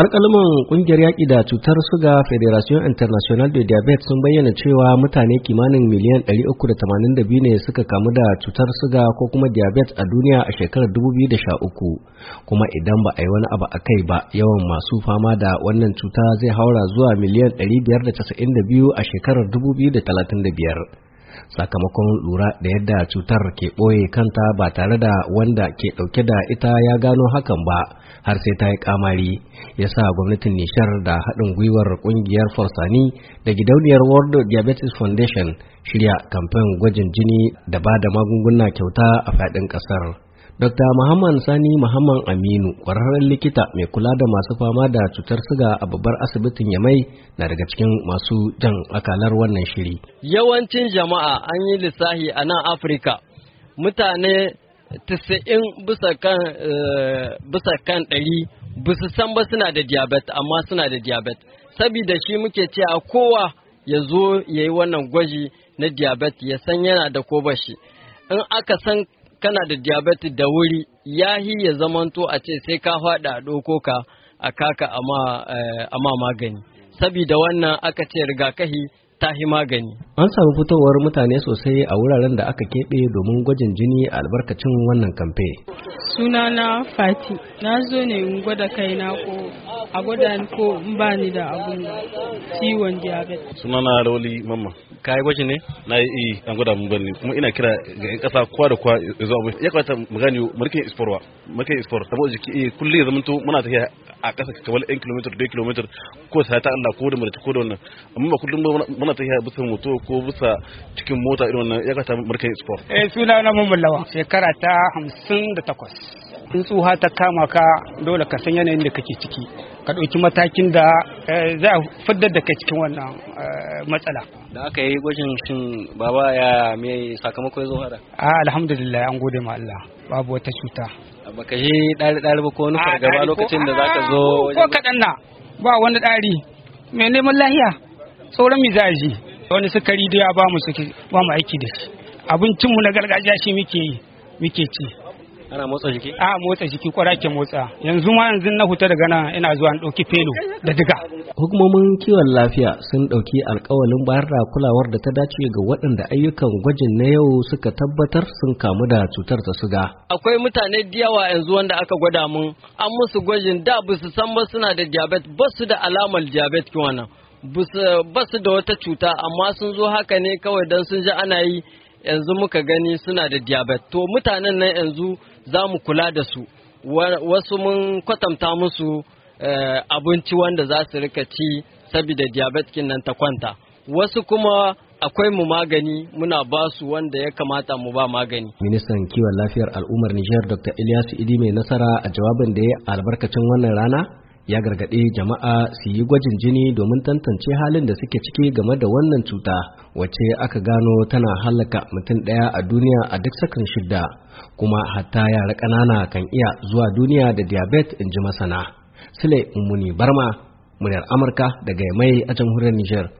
alƙalman ƙungiyar yaƙi da cutar suga federation international de diabetes sun bayyana cewa mutane kimanin miliyan 382 ne suka kamu da cutar suga ko kuma diabetes a duniya a shekarar 2013 kuma idan ba a yi wani abu a kai ba yawan masu fama da wannan cuta zai haura zuwa miliyan 592 a shekarar 2035 sakamakon lura da yadda cutar ke ɓoye kanta ba tare da wanda ke ɗauke da ita ya gano hakan ba har sai ta yi kamari ya sa gwamnatin nishar da haɗin gwiwar ƙungiyar forsani da gidauniyar world diabetes foundation shirya kamfen gwajin jini da ba da magunguna kyauta a faɗin ƙasar. Dr. Muhammad Sani Muhammad Aminu, kwararren likita mai kula da masu fama da cutar siga a babbar asibitin Yamai na daga cikin masu jan akalar wannan shiri. Yawancin jama'a an yi lissahi a nan Afirka, mutane 90 eh, bisa kan ɗari kan 100 bisa san ba suna da diabet amma suna da diabet Sabida shi muke ce a kowa ya zo ya yi wannan gwaji na diabet ya san yana da ko bashi. In aka san kana da diabetes da wuri ya hi ya zamanto a ce sai ka faɗa a ɗoko a kaka eh, a ma magani saboda wannan aka ce rigakahi ta hi magani an samu fitowar mutane sosai a wuraren da aka keɓe domin gwajin jini albarkacin wannan kamfe suna na fati na zo ne in gwada kaina ko a gwada ko in ba ni da abun ciwon diabetes suna na roli mamma ka yi gwaji ne na yi eh, an gwada mun gani kuma ina kira ga yan kasa kwa da kwa ya zo abu ya kwata mu gane mulkin isporwa marke ispor saboda jiki eh, kullu ya to muna tafiya a kasa kamar 1 km 2 km ko sai ta Allah ko da murta ko da wannan amma kullum muna tafiya bisa moto ko bisa cikin mota irin wannan ya kasa marke ispor eh suna na mamallawa shekara ta 58 in tsuha ta kama ka dole ka san yanayin da kake ciki ka ɗauki matakin da eh, za a fiddar da kai cikin wannan eh, matsala da aka yi gwajin shin baba ya me sakamako ya zo hada a ah, alhamdulillah an gode ma Allah babu wata cuta ka yi ɗari ɗari ba ko wani fargaba ah, lokacin da zaka zo ah, ko kaɗan na ba wani ɗari mai neman lahiya tsoron mizaji wani sukari da ya ba mu ba mu aiki da shi abincinmu na gargajiya shi muke yi muke ci ana motsa jiki a motsa jiki kwara ke motsa yanzu ma yanzu na huta daga nan ina zuwa an ɗauki felo da diga hukumomin kiwon lafiya sun ɗauki alkawalin bayar da kulawar da ta dace ga waɗanda ayyukan gwajin na yau suka tabbatar sun kamu da cutar ta suga akwai mutane da yawa yanzu wanda aka gwada mun an musu gwajin da ba su san ba suna da diabetes ba su da alamar diabetes nan ba su da wata cuta amma sun zo haka ne kawai don sun ji ana yi yanzu muka gani suna da diabet to mutanen nan yanzu za mu kula da su wasu mun kwatanta musu eh, abinci wanda za su rika ci saboda diabet nan ta kwanta wasu kuma akwai mu magani muna ba su wanda ya kamata mu ba magani. Ministan kiwon lafiyar al'ummar Nijar Dr. Ilyasu Idi mai nasara a jawabin da ya albarkacin wannan rana ya gargaɗe jama'a su yi gwajin jini domin tantance halin da suke ciki game da wannan cuta wacce aka gano tana halaka mutum ɗaya a duniya a duk sakan shidda kuma hatta yara ƙanana kan iya zuwa duniya da diabetes in ji masana sule mummuni barma muryar amurka daga mai a jamhuriyar nijar.